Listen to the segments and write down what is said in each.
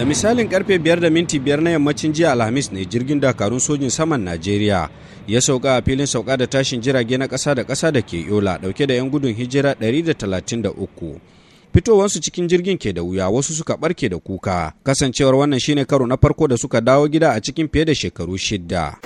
da misalin karfe 5 da minti 5 na yammacin jiya alhamis ne jirgin dakarun sojin saman najeriya ya sauka a filin sauka da tashin jirage na kasa da kasa da ke yola dauke da 'yan gudun hijira 133 fitowarsu cikin jirgin ke da wuya wasu suka barke da kuka kasancewar wannan shine karo na farko da suka dawo gida a cikin fiye da shekaru shidda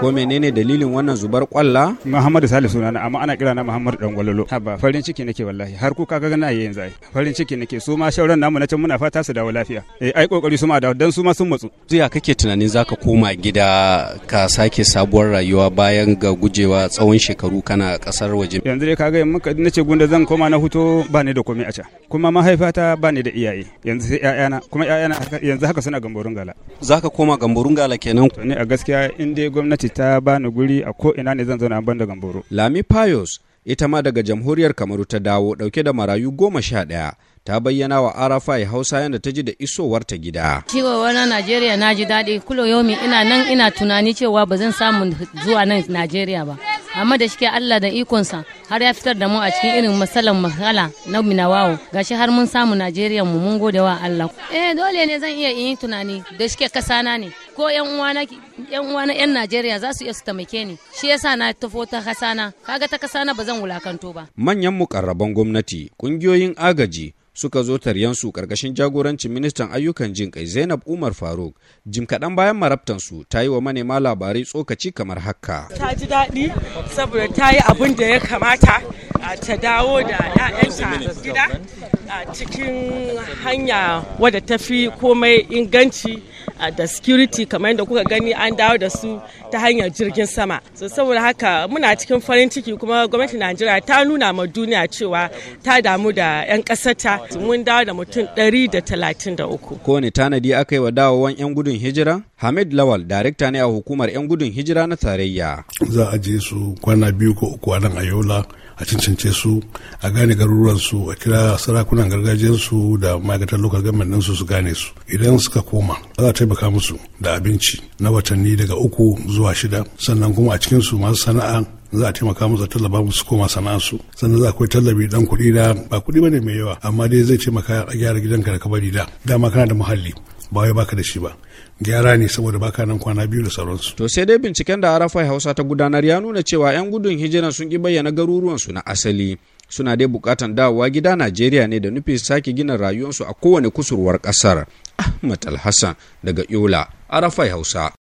ko menene dalilin wannan zubar kwalla Muhammadu Salisu sunana amma ana kira na Muhammadu dan gwalolo haba farin ciki nake wallahi har kuka ga na yayin zai farin ciki nake su ma shauran namu na can muna fata su dawo lafiya eh ai kokari su ma dawo dan su ma sun matsu ya kake tunanin zaka koma gida ka sake sabuwar rayuwa bayan ga gujewa tsawon shekaru kana kasar waje yanzu dai kaga muka nace gunda zan koma na huto ba ni da komai a can kuma mahaifata ba ni da iyaye yanzu sai ƴaƴana kuma ƴaƴana yanzu haka suna gamborin gala zaka koma gamboro ngala kenan to ne a gaskiya in dai gwamnati ta bani guri a ko ina ne zan zauna ban da gamboro lami payos ita ma daga jamhuriyar kamaru ta dawo dauke da marayu goma sha ɗaya ta bayyana wa arafai hausa yadda ta ji da isowar ta gida cewa na najeriya na ji daɗi kulo yomi ina nan ina tunani cewa ba zan samu zuwa nan najeriya ba amma da shike Allah da ikonsa har ya fitar da mu a cikin irin matsalar mahala na minawawo gashi har mun samu Najeriya mu mun gode wa Allah eh dole ne zan iya yin tunani da shike kasana ne ko yan uwana yan uwana yan Najeriya za su iya su taimake ni shi yasa na tafo ta kasana kaga ta kasana ba zan wulakanto ba manyan mukarraban gwamnati kungiyoyin agaji suka zo taryansu karkashin jagorancin ministan ayyukan jin kai Zainab Umar Faruk. Jim kaɗan bayan marabtansu ta yi wa manema labarai tsokaci kamar haka. Ta ji daɗi saboda ta yi abin da ya kamata ta dawo da 'ya'yanta gida cikin hanya wadda ta fi komai inganci. Uh, da security kamar da kuka gani an dawo da su ta hanyar jirgin sama so saboda haka muna cikin farin ciki kuma gwamnatin najeriya ta nuna ma duniya cewa ta damu da 'yan kasata mun dawo da mutum 133 kowane tanadi aka yi wa dawowan 'yan gudun hijira hamid lawal darekta ne a hukumar 'yan gudun hijira na tarayya za a je su kwana biyu ko uku a nan a yola a cincince su a gane garuruwansu a kira sarakunan gargajiyarsu da ma'aikatan lokacin gamanin su su gane su idan suka koma za ta taimaka musu da abinci na watanni daga uku zuwa shida sannan kuma a cikinsu masu sana'a za a taimaka musu da tallaba musu koma sana'arsu sannan za akwai tallafi dan kuɗi da ba kuɗi bane mai yawa amma dai zai taimaka a gyara gidanka da kabari da dama kana da muhalli ba wai baka da shi ba gyara ne saboda baka nan kwana biyu da sauransu. To sai dai binciken da Arafai Hausa ta gudanar ya nuna cewa 'yan gudun hijira sun ki bayyana garuruwansu na asali. suna dai bukatan dawowa gida najeriya ne da nufin sake gina rayuwarsu a kowane kusurwar ƙasar ahmad alhassan daga yola arafai hausa